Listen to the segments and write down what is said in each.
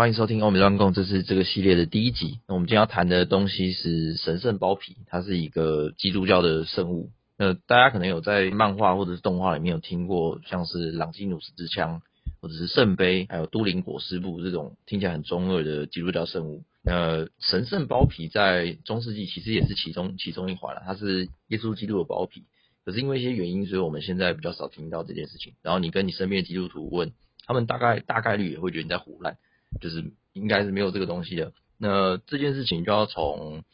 歡迎收聽歐美專供，這是這個系列的第一集。那我們今天要談的東西是神聖包皮，它是一個基督教的聖物。那大家可能有在漫畫或者是動畫裡面有聽過，像是朗基努斯之槍或者是聖杯，還有都靈裹屍布這種聽起來很中二的基督教聖物。那神聖包皮在中世紀其實也是其中，其中一環了，它是耶穌基督的包皮。可是因為一些原因，所以我們現在比較少聽到這件事情。然後你跟你身邊的基督徒問，他們大概，大概率也會覺得你在胡來。就是應該是沒有這個東西的。那這件事情就要從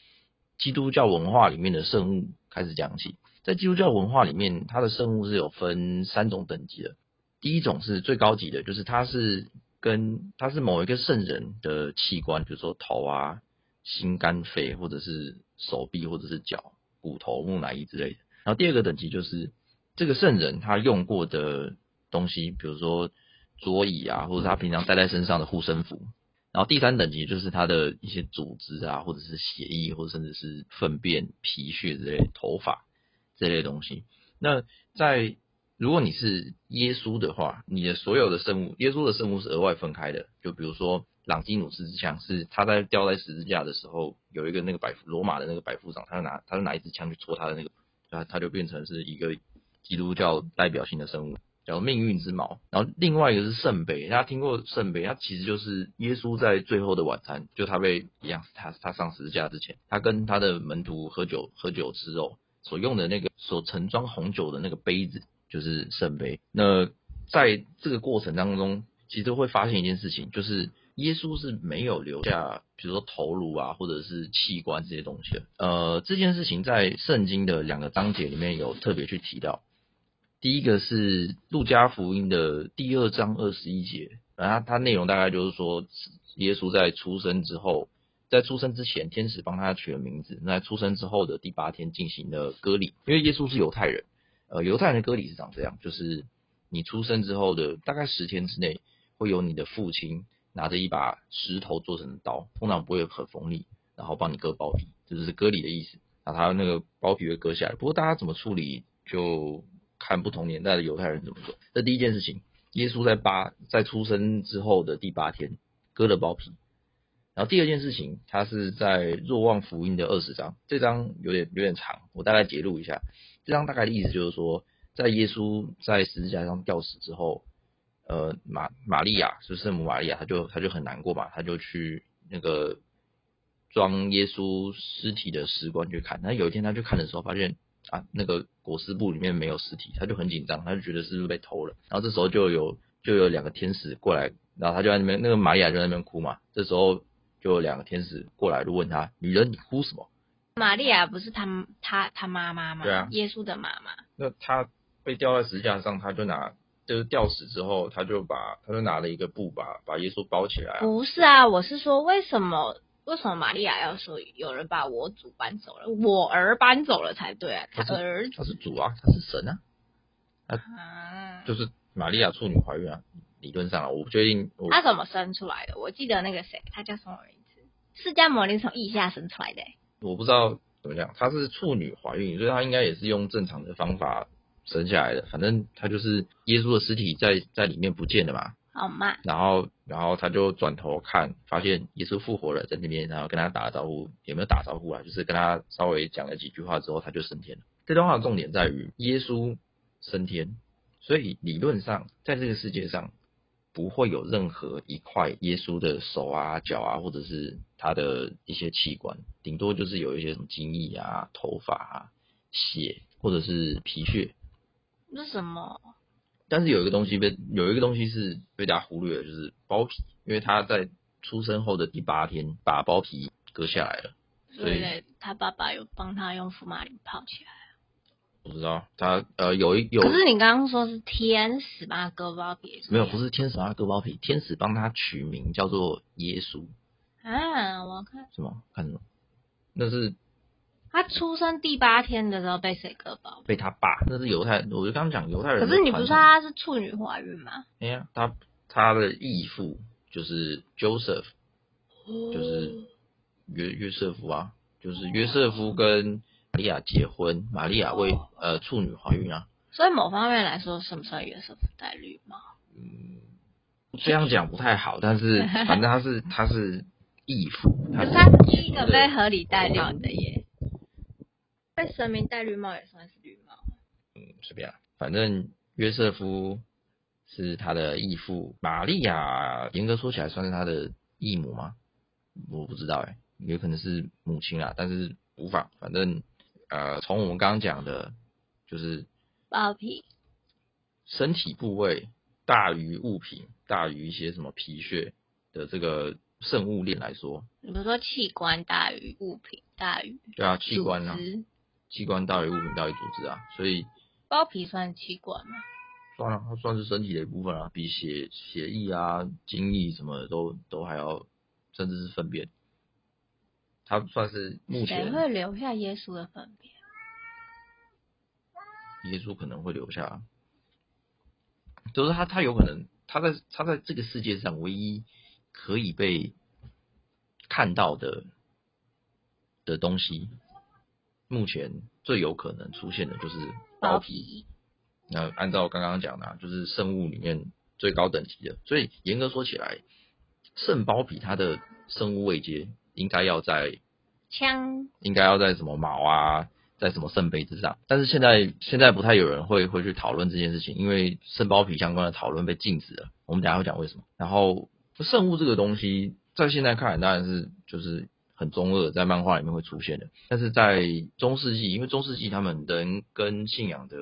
基督教文化裡面的聖物開始講起。在基督教文化裡面，它的聖物是有分三種等級的。第一種是最高級的，就是它是跟它是某一個聖人的器官，比如說頭啊、心肝肺，或者是手臂或者是腳、骨頭、木乃伊之類的。然後第二個等級就是這個聖人他用過的東西，比如說。桌椅啊，或者他平常帶在身上的護身符，然後第三等級就是他的一些組織啊，或者是血液，或者甚至是糞便、皮屑之類、頭髮這類東西。那在如果你是耶穌的話，你的所有的聖物，耶穌的聖物是額外分開的。就比如說朗基努斯之槍，是他在吊在十字架的時候，有一個那個百夫，羅馬的那個百夫長，他就拿他就拿一支槍去戳他的那個，啊，他就變成是一個基督教代表性的聖物。叫命運之矛，然後另外一個是聖杯。大家聽過聖杯？它其實就是耶穌在最後的晚餐，就他被，一樣，他他上十字架之前，他跟他的門徒喝酒喝酒吃肉所用的那個所盛裝紅酒的那個杯子，就是聖杯。那在這個過程當中，其實會發現一件事情，就是耶穌是沒有留下比如說頭顱啊或者是器官這些東西的。呃，這件事情在聖經的兩個章節裡面有特別去提到。第一個是路加福音的第二章二十一節，然後它內容大概就是說，耶穌在出生之後，在出生之前，天使幫他取了名字。那在出生之後的第八天進行了割禮，因為耶穌是猶太人，呃，猶太人的割禮是長這樣，就是你出生之後的大概十天之內，會由你的父親拿着一把石頭做成的刀，通常不會很鋒利，然後幫你割包皮，就是割禮的意思。把他那個包皮會割下來，不過大家怎麼處理就。看不同年代的猶太人怎麼做，這第一件事情，耶穌在八在出生之後的第八天割了包皮。然後第二件事情，他是在若望福音的二十章，這章有點有點長，我大概節錄一下。這章大概的意思就是說，在耶穌在十字架上吊死之後，呃，瑪瑪利亞是不是聖母瑪利亞，她就她就很難過嘛，她就去那個裝耶穌屍體的石棺去看。那有一天她去看的時候，發現。啊，那個裹屍布裡面沒有屍體，他就很緊張，他就覺得是不是被偷了。然後這時候就有就有兩個天使過來，然後他就在那邊，那個瑪利亞就在那邊哭嘛。這時候就有兩個天使過來就問他，女人你哭什麼？瑪利亞不是他他他媽媽嗎？對啊、耶穌的媽媽。那他被吊在石架上，他就拿就是吊死之後，他就把他就拿了一個布把把耶穌包起來、啊。不是啊，我是說為什麼？為什麼瑪利亞要說有人把我主搬走了？我兒搬走了才對啊！兒，他是主啊，他是神啊！啊，就是瑪利亞處女懷孕啊，理論上啊，我不確定他怎麼生出來的？我記得那個誰，他叫什麼名字？釋迦牟尼從腋下生出來的。欸？我不知道怎麼講，他是處女懷孕，所以他應該也是用正常的方法生下來的。反正他就是耶穌的屍體在在裡面不見了嘛。然後，然後他就轉頭看，發現耶穌復活了在那邊，然後跟他打招呼，有沒有打招呼啊？就是跟他稍微講了幾句話之後，他就升天了。這段話的重點在於耶穌升天，所以理論上在這個世界上不會有任何一塊耶穌的手啊、腳啊，或者是他的一些器官，頂多就是有一些什麼精液啊、頭髮啊、血或者是皮屑。那什麼？但是有一個東西被有一個東西是被大家忽略的，就是包皮，因為他在出生後的第八天把包皮割下來了，所以對對他爸爸有幫他用福馬林泡起來。不知道他呃有一有，有有可是你剛剛說是天使幫他割包皮？沒有，不是天使幫他割包皮，天使幫他取名叫做耶穌啊，我看什麼看什麼？那是。他出生第八天的時候被誰割包？被他爸，那是猶太人。我就剛講猶太人。可是你不是說他是處女懷孕嗎？哎呀，他他的義父就是 Joseph，、哦、就是約約瑟夫啊，就是約瑟夫跟瑪利亞結婚，瑪利亞為、哦、呃處女懷孕啊。所以某方面來說，算不算約瑟夫戴綠帽？嗯，這樣講不太好，但是反正他是 他是義父，他是第一個被合理戴綠帽的耶。被神明戴綠帽也算是綠帽。嗯，隨便了、啊，反正約瑟夫是他的義父，瑪利亞嚴格說起來算是他的義母嗎？我不知道誒，有可能是母親啦，但是無妨，反正呃，從我們剛剛講的，就是包皮，身體部位大於物品，大於一些什麼皮屑的這個聖物鏈來說，你不是說器官大於物品大於對啊器官，呢、啊？器官大於物品，大於組織啊，所以包皮算器官嗎？算了，它算是身體的一部分啊，比血、血液啊、精液什麼的都都還要，甚至是糞便，它算是目前誰會留下耶穌的糞便？耶穌可能會留下，就是他，他有可能他在他在這個世界上唯一可以被看到的的東西。目前最有可能出現的就是包皮。那按照剛剛講的啊，就是聖物裡面最高等級的，所以嚴格說起來，聖包皮它的聖物位階應該要在槍，應該要在什麼矛啊，在什麼聖杯之上。但是現在現在不太有人會會去討論這件事情，因為聖包皮相關的討論被禁止了。我們等下會講為什麼。然後聖物這個東西，在現在看來，當然是就是。很中二，在漫畫裡面會出現的。但是在中世紀，因為中世紀他們人跟信仰的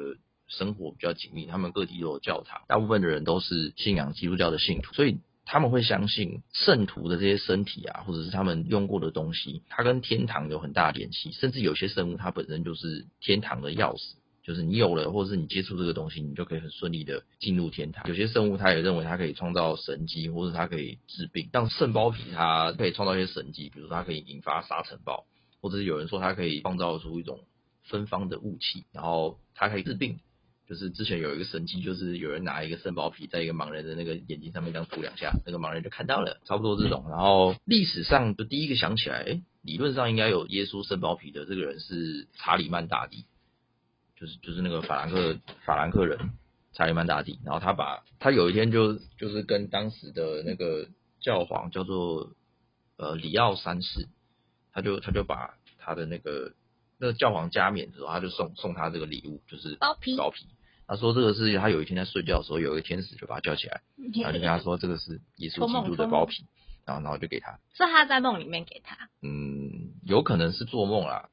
生活比較緊密，他們各地都有教堂，大部分的人都是信仰基督教的信徒，所以他們會相信聖徒的這些身體啊，或者是他們用過的東西，它跟天堂有很大聯繫。甚至有些聖物，它本身就是天堂的鑰匙。就是你有了，或者是你接觸這個東西，你就可以很順利的進入天堂。有些聖物，它也認為它可以創造神蹟，或者它可以治病。像聖包皮，它可以創造一些神蹟，比如說它可以引發沙塵暴，或者是有人說它可以創造出一種芬芳的霧氣，然後它可以治病。就是之前有一個神蹟，就是有人拿一個聖包皮在一個盲人的那個眼睛上面這樣塗兩下，那個盲人就看到了，差不多這種。然後歷史上就第一個想起來，欸，理論上應該有耶穌聖包皮的這個人是查理曼大帝。就是那個法蘭克法蘭克人查理曼大帝，然後他把他有一天就就是跟當時的那個教皇，叫做呃利奧三世，他就他就把他的那個那個教皇加冕的時候，他就送送他這個禮物就是包皮、包皮，他說這個是他有一天在睡覺的時候，有一個天使就把他叫起來，然後就跟他說這個是耶穌基督的包皮，然後然後就給他是他在夢裡面給他，嗯，有可能是做夢啦，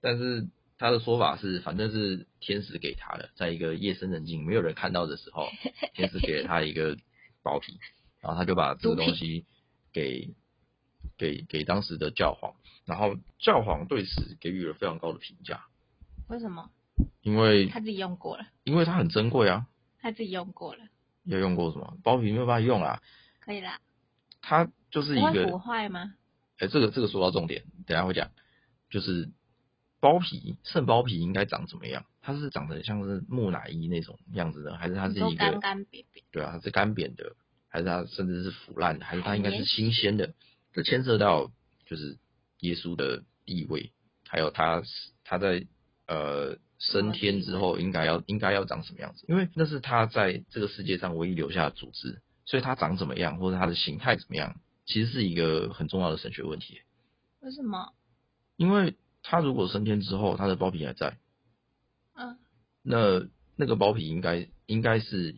但是。他的說法是，反正是天使給他的，在一個夜深人靜、沒有人看到的時候，天使給了他一個包皮， 然後他就把這個東西給品給給當時的教皇，然後教皇對此給予了非常高的評價。為什麼？因為他自己用過了。因為它很珍貴啊。他自己用過了。要用過什麼包皮？沒有辦法用啊。可以啦。它就是一個不會腐壞嗎？哎、欸，這個這個說到重點，等下會講，就是。包皮，聖包皮應該長怎麼樣？它是長得像是木乃伊那種樣子的，還是它是一個乾癟癟？對啊，它是乾癟的，還是它甚至是腐爛的？還是它應該是新鮮的？這牽涉到就是耶穌的地位，還有他他在呃升天之後應該要應該要長什麼樣子？因為那是他在這個世界上唯一留下的組織，所以他長怎麼樣，或者他的形態怎麼樣，其實是一個很重要的神學問題。為什麼？因為。他如果升天之後，他的包皮還在。嗯。那那個包皮應該應該是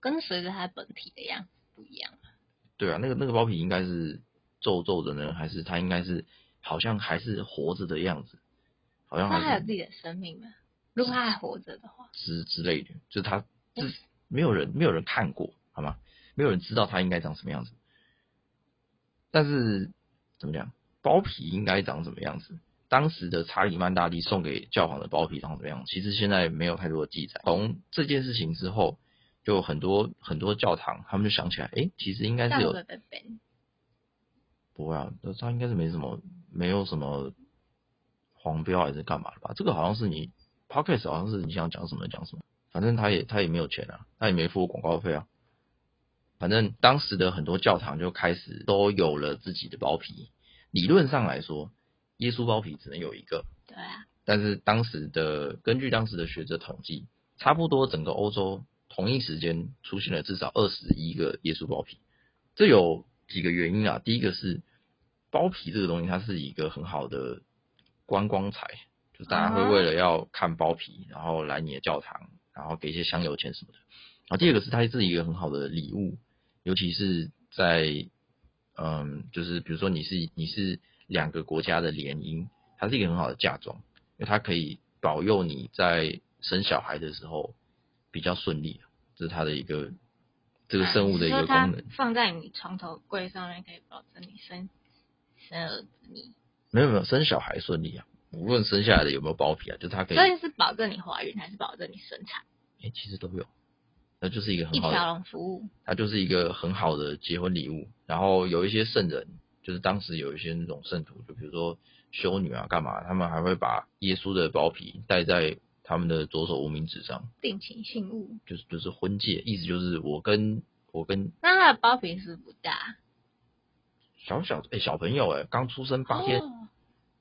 跟隨着他本體的樣子不一樣啊。對啊，那個那個包皮應該是皺皺的呢，還是他應該是好像還是活着的樣子？好像他還有自己的生命嗎？如果他還活着的話。之之類的，就是他這沒有人沒有人看過，好嗎？沒有人知道他應該長什麼樣子。但是怎麼樣，包皮應該長什麼樣子？當時的查理曼大帝送給教皇的包皮長怎麼樣？其實現在沒有太多的記載。從這件事情之後，就很多很多教堂他們就想起來，誒，其實應該是有，不會啊，他他應該是沒什麼，沒有什麼黃標還是幹嘛的吧？這個好像是你 Podcast 好像是你想講什麼講什麼，反正他也他也沒有錢啊，他也沒付廣告費啊。反正當時的很多教堂就開始都有了自己的包皮。理論上來說。耶穌包皮只能有一個，對啊，但是當時的根據當時的學者統計，差不多整個歐洲同一時間出現了至少二十一個耶穌包皮。這有幾個原因啊，第一個是包皮這個東西它是一個很好的觀光財，就是大家會為了要看包皮，然後來你的教堂，然後給一些香油錢什麼的。然後第二個是它是一個很好的禮物，尤其是在嗯，就是比如說你是你是。兩個國家的聯姻，它是一個很好的嫁妝，因為它可以保佑你在生小孩的時候比較順利，啊，這是它的一個這個聖物的一個功能。放在你床頭櫃上面，可以保證你生生兒子。沒有沒有，生小孩順利啊，無論生下來的有沒有包皮啊，就是，它可以。所以是保證你懷孕，還是保證你生產？欸，其實都有，那就是一個很好的一條龍服務。它就是一個很好的結婚禮物，然後有一些聖人。就是當時有一些那種聖徒，就比如說修女啊，幹嘛，他們還會把耶穌的包皮戴在他們的左手無名指上，定情信物，就是就是婚戒，意思就是我跟我跟，那他的包皮是不大？小小，哎、欸，小朋友、欸，哎，剛出生八天，哦、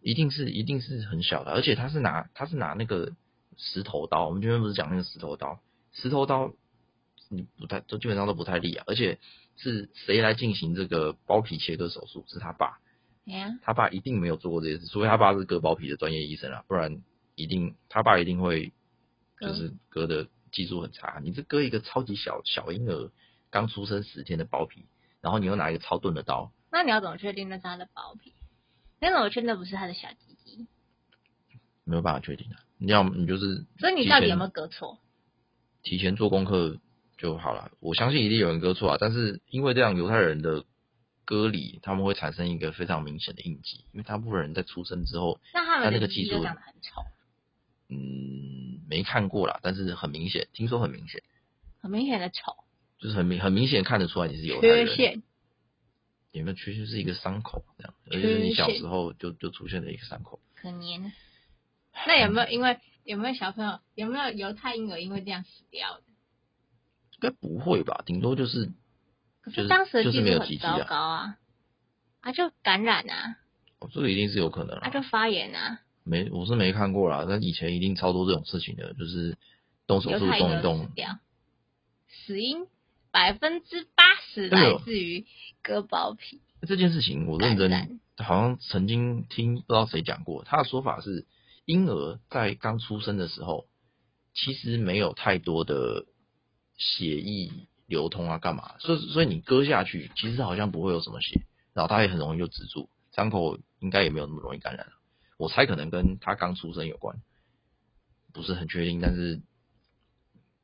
一定是一定是很小的，而且他是拿他是拿那個石頭刀，我們今天不是講那個石頭刀，石頭刀你不太都基本上都不太利啊，而且。是誰來進行這個包皮切割手術？是他爸，Yeah. 他爸一定沒有做過這些事，除非他爸是割包皮的專業醫生啊。不然一定他爸一定會就是割的技術很差。哥你是割一個超級小小嬰兒剛出生十天的包皮，然後你又拿一個超鈍的刀，那你要怎麼確定那是他的包皮？那怎麼確定不是他的小雞雞？沒有辦法確定的，啊，你要你就是，所以你到底有沒有割錯？提前做功課就好了，我相信一定有人割錯啊。但是因為這樣猶太人的割禮，他們會產生一個非常明顯的印記，因為大部分人在出生之後，他，他那個技術，很醜。嗯，沒看過啦，但是很明顯，聽說很明顯，很明顯的醜，就是很明很明顯看得出來你是猶太人。缺陷有沒有缺陷，就是一個傷口這樣，而且是你小時候就就出現了一個傷口。可憐，那有沒有因為有沒有小朋友有沒有猶太嬰兒因為這樣死掉的？應該不會吧，頂多就是就、嗯、是當時、就是、就是沒有急救啊，啊，啊就感染啊，哦這個一定是有可能啊，他、啊、就發炎啊，沒我是沒看過啦，但以前一定超多這種事情的，就是動手術動一動，死因百分之八十來自於割包皮。這件事情我認真，感染，好像曾經聽不知道誰講過，他的說法是嬰兒在剛出生的時候其實沒有太多的。血液流通啊，幹嘛？所以所以你割下去，其實好像不會有什麼血，然後它也很容易就止住，傷口應該也沒有那麼容易感染。我猜可能跟他剛出生有關，不是很確定，但是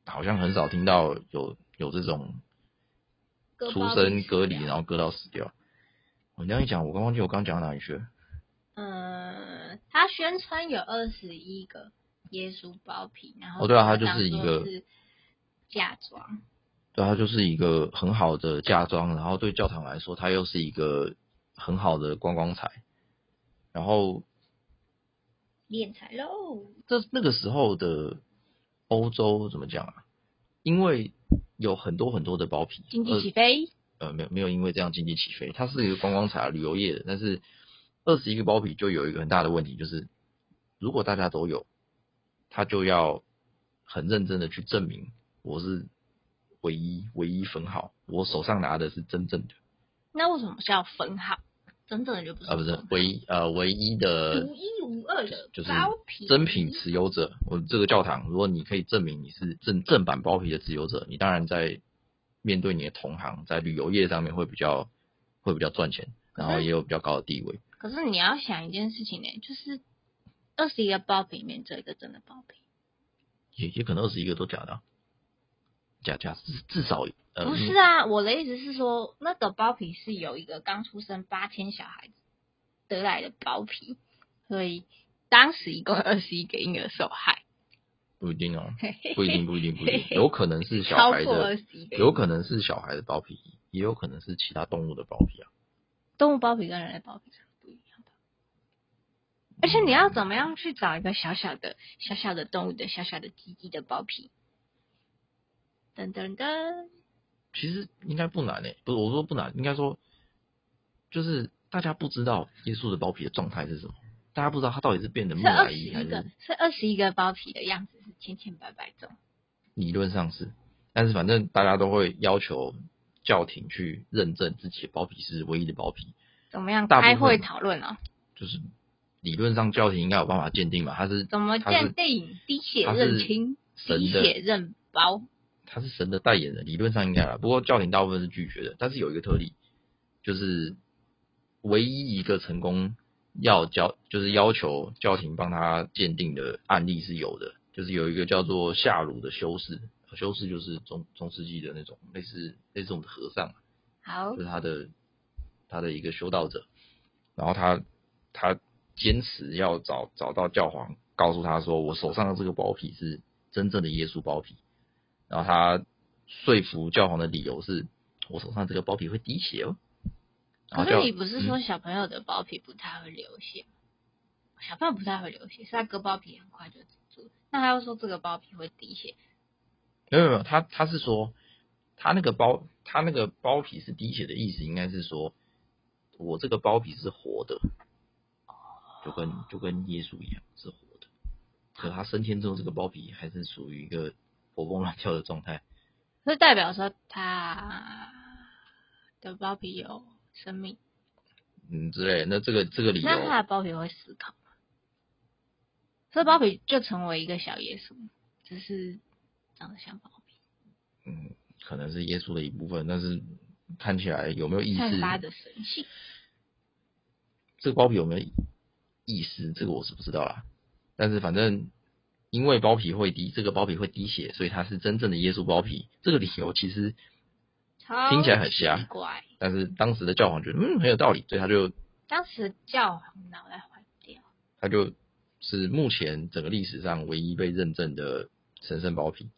好像很少聽到有有這種出生割禮，然後割到死掉。我、喔、這樣一講，我剛忘記我剛講到哪裡去了。嗯，他宣稱有二十一個耶穌包皮，然後哦對啊，他就是一個。嫁妝，對，它就是一個很好的嫁妝，然後對教堂來說，它又是一個很好的觀光財，然後斂財嘍。這那個時候的歐洲怎麼講啊？因為有很多很多的包皮，經濟起飛，呃，沒有沒有因為這樣經濟起飛，它是一個觀光財啊，旅遊業的，但是二十一個包皮就有一個很大的問題，就是如果大家都有，他就要很認真的去證明。我是唯一唯一分號，我手上拿的是真正的。那為什麼是要分號？真正的就不是啊，不是唯一呃，唯一的，獨一無二的，就是真品持有者。我這個教堂，如果你可以證明你是正正版包皮的持有者，你當然在面對你的同行，在旅遊業上面會比較會比較賺錢，然後也有比較高的地位。可是，可是你要想一件事情呢，欸，就是二十一個包皮裡面，只有一個真的包皮，也也可能二十一個都假的啊。假假至至少、嗯、不是啊，我的意思是說，那個包皮是由一個剛出生八天小孩子得來的包皮，所以當時一共二十一個嬰兒受害。不一定哦，不一定，不一定，不一定，有可能是小孩的，超過二十個嬰兒，有可能是小孩的包皮，也有可能是其他動物的包皮啊。動物包皮跟人類包皮是不一樣的，而且你要怎麼樣去找一個小小的、小小的動物的、小小的雞雞的包皮？噔噔噔，其實應該不難誒，不是我說不難，應該說就是大家不知道耶穌的包皮的狀態是什麼，大家不知道它到底是變得木乃伊還是是二十一,一個包皮的樣子是千千百百種。理論上是，但是反正大家都會要求教廷去認證自己的包皮是唯一的包皮。怎麼樣開會討論哦。啊、就是理論上教廷應該有辦法鑑定吧？他是怎麼鑑定？滴血認親，滴血認包。他是神的代言人，理論上應該啊，不過教廷大部分是拒絕的，但是有一個特例，就是唯一一個成功要教就是要求教廷幫他鑑定的案例是有的，就是有一個叫做下魯的修士，修士就是中中世紀的那種類似類似的和尚，好，就是他的他的一個修道者，然後他他堅持要找找到教皇，告訴他說我手上的這個包皮是真正的耶穌包皮。然後他說服教皇的理由是我手上這個包皮會滴血哦。可是你不是說小朋友的包皮不太會流血嗎？嗯、小朋友不太會流血，是他割包皮很快就止住。那他要說這個包皮會滴血。沒有沒有，他他是說他那個包他那個包皮是滴血的意思，應該是說我這個包皮是活的。就跟就跟耶穌一樣是活的，可他升天之後、嗯、這個包皮還是屬於一個。活蹦亂跳的狀態，那代表說他的，的包皮有生命，嗯，之類的。那這個這個裡面，那他的包皮會思考，這包皮就成為一個小耶穌，只是長得像包皮。嗯，可能是耶穌的一部分，但是看起來有沒有意識？殺的神器這個包皮有沒有意識？這個我是不知道啦，但是反正。因為包皮會滴，這個包皮會滴血，所以它是真正的耶穌包皮。這個理由其實聽起來很瞎。但是當時的教皇覺得嗯，很有道理，所以他就當時的教皇腦袋壞掉。他就是目前整個歷史上唯一被認證的神聖包皮，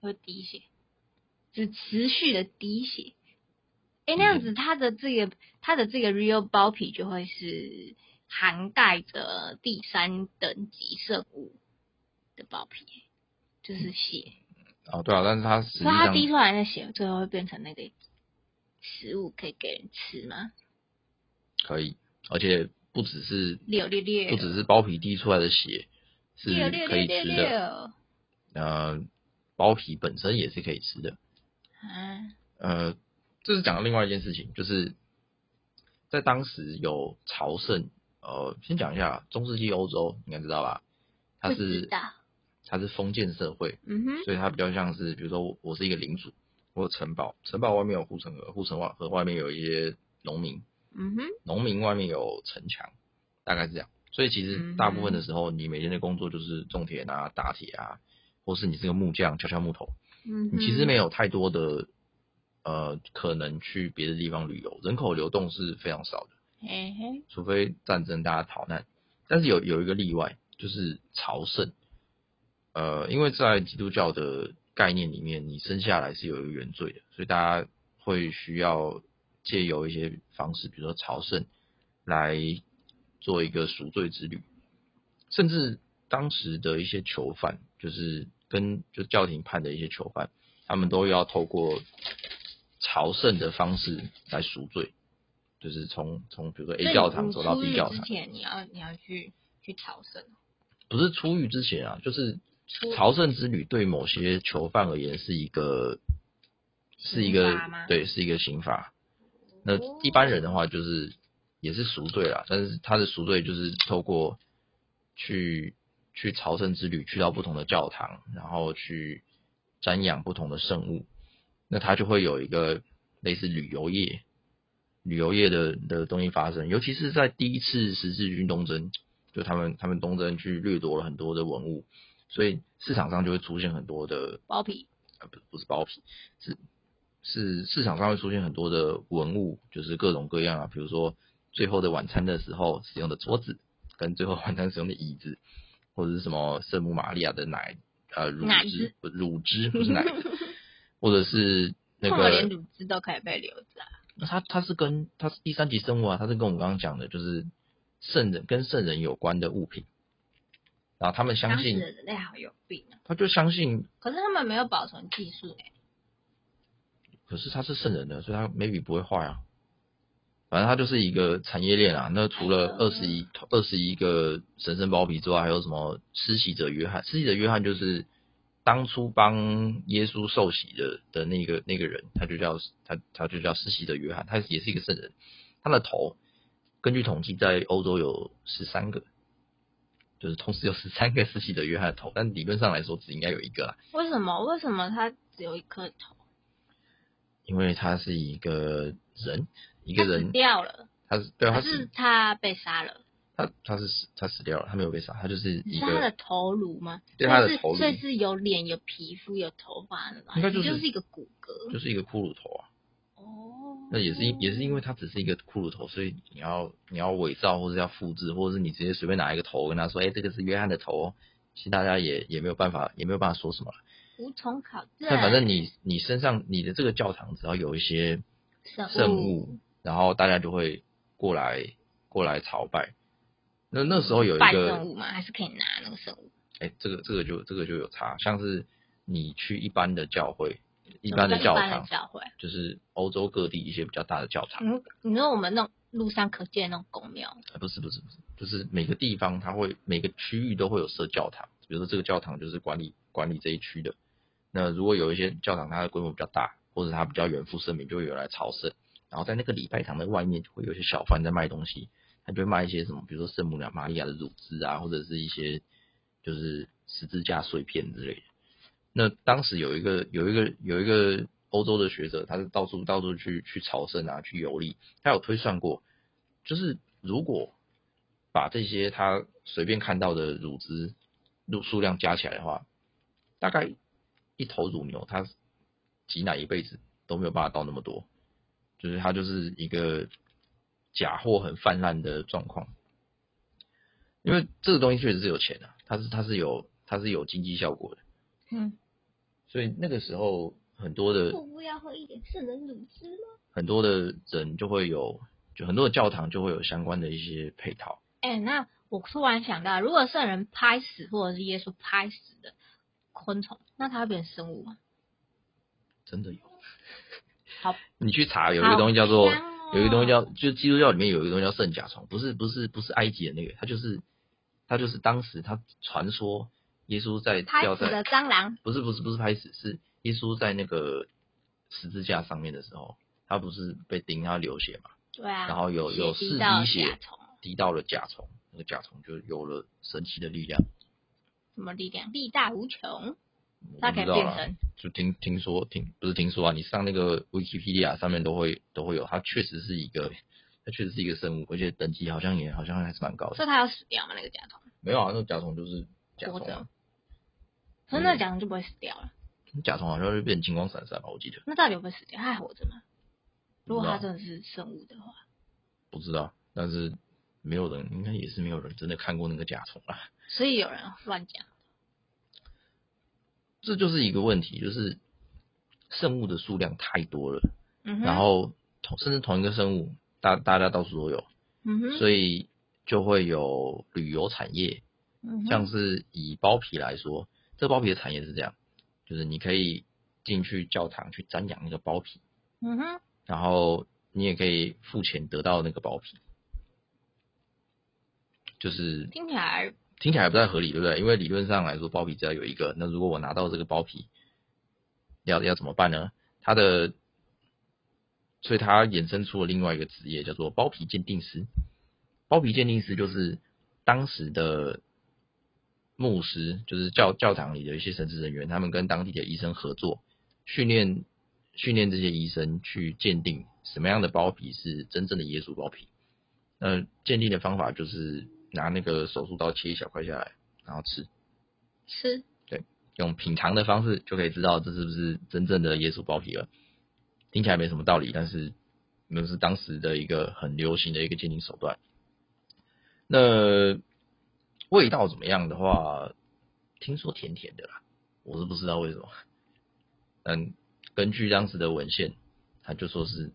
會滴血，就持續的滴血。誒，那樣子他的這個、嗯、他的這個 real 包皮就會是涵蓋着第三等級聖物。的包皮就是血、嗯、哦，對啊，但是它是它滴出來的血，最後會變成那個食物可以給人吃嗎？可以，而且不只是不只是包皮滴出來的血是可以吃的，6 6、呃，包皮本身也是可以吃的。嗯、啊，呃，這是講的另外一件事情，就是在當時有朝聖，呃，先講一下中世紀歐洲，你應該知道吧？它是它是封建社會，嗯哼，所以它比較像是，比如說我是一個領主，我有城堡，城堡外面有護城河，護城河和外面有一些農民，嗯哼，農民外面有城牆，大概是這樣。所以其實大部分的時候，嗯、哼你每天的工作就是種田啊、打鐵啊，或是你是個木匠，敲敲木頭。嗯哼你其實沒有太多的呃可能去別的地方旅遊，人口流動是非常少的，誒嘿，嘿，除非戰爭大家逃難。但是有有一個例外，就是朝聖。呃，因為在基督教的概念裡面，你生下來是有一個原罪的，所以大家會需要借由一些方式，比如說朝聖，來做一個贖罪之旅。甚至當時的一些囚犯，就是跟就教廷判的一些囚犯，他們都要透過朝聖的方式來贖罪，就是從從比如說 A 教堂走到 B 教堂。所以你出獄之前你，你要你要去去朝聖。不是出獄之前啊，就是。朝聖之旅對某些囚犯而言是一個，是一個對，是一個刑罰。那一般人的話，就是也是贖罪啦。但是他的贖罪就是透過去去朝聖之旅，去到不同的教堂，然後去瞻仰不同的聖物。那他就會有一個類似旅遊業，旅遊業的的東西發生，尤其是在第一次十字軍東征，就他們他們東征去掠奪了很多的文物。所以市場上就會出現很多的包皮啊，不、呃、不是包皮，是是市場上會出現很多的文物，就是各種各樣啊，比如說《最後的晚餐》的時候使用的桌子，跟《最後晚餐》使用的椅子，或者是什麼聖母瑪利亞的奶啊、呃、乳汁子乳汁，乳汁不是奶， 或者是那個連乳汁都可以被留着。他他、呃、是跟他是第三級聖物啊，他是跟我們剛剛講的，就是聖人跟聖人有關的物品。然後他們相信，人類好有病啊。他就相信，可是他們沒有保存技術哎、欸。可是他是聖人的，所以他 maybe 不會壞啊。反正他就是一個產業鏈啊。那除了二十一、呃、二十一個神聖包皮之外，還有什麼施洗者約翰？施洗者約翰就是當初幫耶穌受洗的的那個那個人，他就叫他，他就叫施洗者約翰。他也是一個聖人，他的頭根據統計，在歐洲有十三個。就是同時有十三個世紀的約翰頭，但理論上來說只應該有一個啦。為什麼？為什麼他只有一顆頭？因為他是一個人，一個人掉了。他對他是他被殺了。他他是死，他死掉了。他沒有被殺，他就是一個頭顱嗎？對，他的頭顱，就是、他的頭所以是有臉、有皮膚、有頭髮的，應該、就是、就是一個骨骼，就是一個骷髏頭啊。哦。那也是因也是因為它只是一個骷髏頭，所以你要你要偽造或者要複製，或者是你直接隨便拿一個頭跟他說，哎，這個是約翰的頭，其實大家也也沒有辦法，也沒有辦法說什麼了，無從考證。那反正你你身上你的這個教堂只要有一些聖物，聖物，然後大家就會過來過來朝拜。那那時候有一個聖物嗎？還是可以拿那個聖物。哎，這個這個就這個就有差，像是你去一般的教會。一般的教堂，就是歐洲各地一些比較大的教堂。嗯，你說我們那種路上可見那種宮廟？不是不是不是，就是每個地方它會每個區域都會有設教堂。比如說這個教堂就是管理管理這一區的。那如果有一些教堂它的規模比較大，或者它比較遠負盛名，就會有來朝聖。然後在那個禮拜堂的外面就會有一些小販在賣東西，他就會賣一些什麼，比如說聖母瑪利亞的乳汁啊，或者是一些就是十字架碎片之類的。那當時有一個有一個有一個歐洲的學者，他是到處到處去去朝聖啊，去遊歷。他有推算過，就是如果把這些他隨便看到的乳汁乳數量加起來的話，大概一頭乳牛他擠奶一輩子都沒有辦法到那麼多，就是他就是一個假貨很泛濫的狀況。因為這個東西確實是有錢的啊，它是它是有它是有經濟效果的，嗯。所以那個時候，很多的要喝一點聖人乳汁嗎？很多的人就會有，就很多的教堂就會有相關的一些配套。哎、欸，那我突然想到，如果聖人拍死或者是耶穌拍死的昆蟲，那它會變成聖物嗎？真的有。 好，你去查有一個東西叫做，哦、有一個東西叫，就基督教裡面有一個東西叫聖甲蟲，不是不是不是埃及的那個，它就是它就是當時它傳說。耶穌在吊死了蟑螂，不是不是不是拍死，是耶穌在那個十字架上面的時候，他不是被釘，他流血嘛？對啊，然後有血有四滴血滴到了甲蟲，那個甲蟲就有了神奇的力量。什麼力量？力大無窮，它可以變成。就聽聽說聽不是聽說啊，你上那個 Wikipedia 上面都會都會有，它確實是一個，它確實是一個生物，而且等級好像也好像還是蠻高的。所以他要死掉嗎？那個甲蟲？沒有啊，那個甲蟲就是甲蟲、啊。所以那甲蟲就不會死掉了。嗯、甲蟲好像就變成金光閃閃吧，我記得。那到底有沒有死掉？他還活着嗎？嗯啊、如果它真的是生物的話。不知道，但是沒有人，應該也是沒有人真的看過那個甲蟲吧、啊。所以有人亂講。這就是一個問題，就是生物的數量太多了。嗯哼然後同甚至同一個生物，大家大家到處都有。嗯哼所以就會有旅遊產業。嗯哼像是以包皮來說。這包皮的產業是這樣，就是你可以進去教堂去瞻仰那個包皮，嗯哼，然後你也可以付錢得到那個包皮，就是聽起來聽起來不太合理，對不對？因為理論上來說，包皮只要有一個，那如果我拿到這個包皮，要要怎麼辦呢？他的，所以他衍生出了另外一個職業，叫做包皮鑑定師。包皮鑑定師就是當時的。牧師就是教教堂裡的一些神職人員，他們跟當地的醫生合作，訓練訓練這些醫生去鑑定什麼樣的包皮是真正的耶穌包皮。嗯，鑑定的方法就是拿那個手術刀切一小塊下來，然後吃吃，是對，用品嘗的方式就可以知道這是不是真正的耶穌包皮了。聽起來沒什麼道理，但是那是當時的一個很流行的一個鑑定手段。那味道怎麼樣的話，聽說甜甜的啦，我是不知道為什麼。嗯，根據當時的文獻，他就說是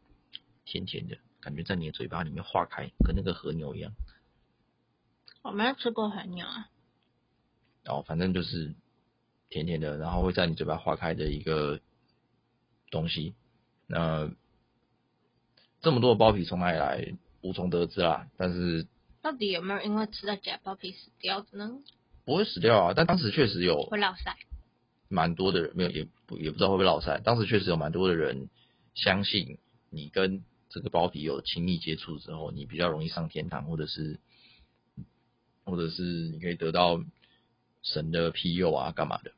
甜甜的感覺，在你的嘴巴裡面化開，跟那個和牛一樣。我沒有吃過和牛啊。哦，反正就是甜甜的，然後會在你嘴巴化開的一個東西。那這麼多的包皮從哪裡來，無從得知啦。但是。到底有沒有因為吃到假包皮死掉的呢？不會死掉啊，但當時確實有會落賽，蠻多的人沒有，也也不知道會不會落賽。當時確實有蠻多的人相信你跟這個包皮有親密接觸之後，你比較容易上天堂，或者是或者是你可以得到神的庇佑啊，幹嘛的？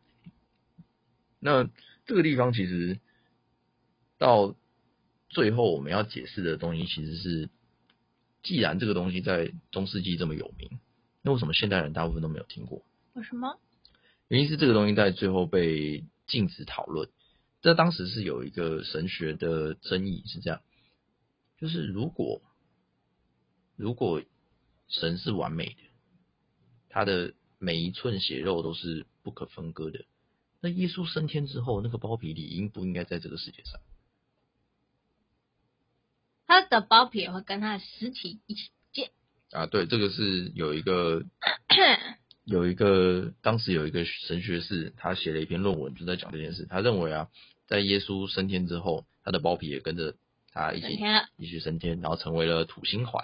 那這個地方其實到最後我們要解釋的東西其實是。既然這個東西在中世紀這麼有名，那為什麼現代人大部分都沒有聽過？為什麼？原因是這個東西在最後被禁止討論。這當時是有一個神學的爭議，是這樣，就是如果如果神是完美的，他的每一寸血肉都是不可分割的，那耶穌升天之後，那個包皮理應不應該在這個世界上。他的包皮也會跟他的屍體一起見啊？對，這個是有一個有一個，當時有一個神學士，他寫了一篇論文，就在講這件事。他認為啊，在耶穌升天之後，他的包皮也跟着他一起一起升天，然後成為了土星環。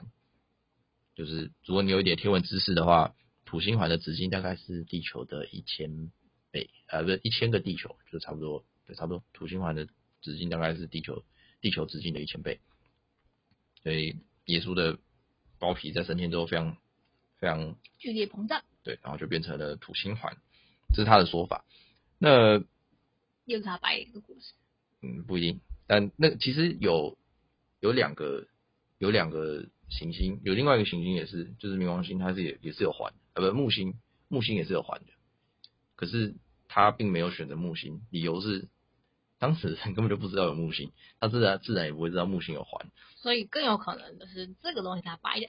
就是如果你有一點天文知識的話，土星環的直徑大概是地球的一千倍，呃、啊，不是一千個地球，就差不多，對，差不多。土星環的直徑大概是地球地球直徑的一千倍。所以耶穌的包皮在升天之後非常非常劇烈膨脹，對，然後就變成了土星環，這是他的說法。那又是他白一個故事？嗯，不一定。但那其實有有兩個有兩個行星，有另外一個行星也是，就是冥王星，它是也也是有環，呃、啊，不，木星，木星也是有環的，可是他並沒有選擇木星，理由是。當時人根本就不知道有木星，他自然自然也不會知道木星有環，所以更有可能的是這個東西他掰的，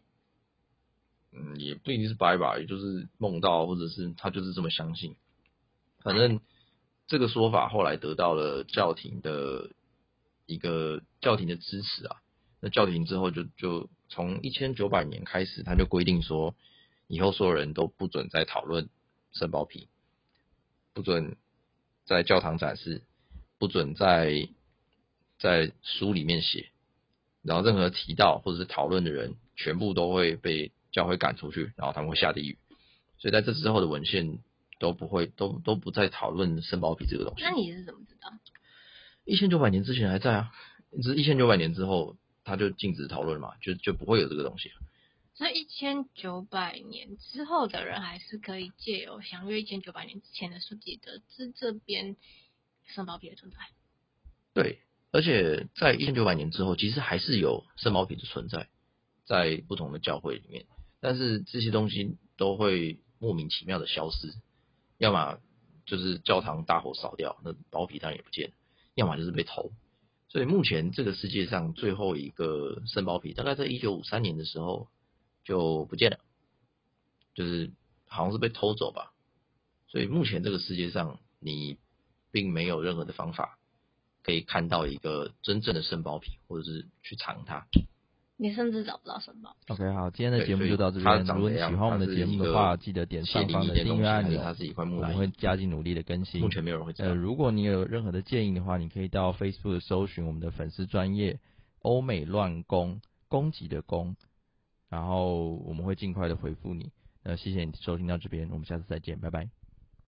嗯，也不一定是掰吧，也就是夢到或者是他就是這麼相信，反正這個說法後來得到了教廷的一個教廷的支持啊，那教廷之後就就從一千九百年開始，他就規定說，以後所有人都不准再討論聖包皮，不准在教堂展示。不准在在書裡面寫，然後任何提到或者是討論的人，全部都會被教會趕出去，然後他們會下地獄。所以在這之後的文獻都不會都都不再討論聖包皮這個東西。那你是怎麼知道？一千九百年之前還在啊，只是一千九百年之後他就禁止討論嘛，就就不會有這個東西。所以一千九百年之後的人還是可以借由相約一千九百年之前的書籍得知這邊聖包皮的存在，對，而且在一千九百年之後，其實還是有聖包皮的存在，在不同的教會裡面，但是這些東西都會莫名其妙的消失，要麼就是教堂大火燒掉，那包皮當然也不見，要麼就是被偷。所以目前這個世界上最後一個聖包皮，大概在一九五三年的時候就不見了，就是好像是被偷走吧。所以目前這個世界上你。並沒有任何的方法可以看到一個真正的聖包皮，或者是去藏它。你甚至找不到聖包皮。OK，好，今天的節目就到這邊。如果你喜歡我們的節目的話，記得點上方的訂閱按鈕。我們會加緊努力的更新。目前沒有人會知道。呃，如果你有任何的建議的話，你可以到 Facebook 搜尋我們的粉絲專頁，歐美亂攻，攻擊的攻，然後我們會盡快的回復你。呃，謝謝你收聽到這邊，我們下次再見，拜拜。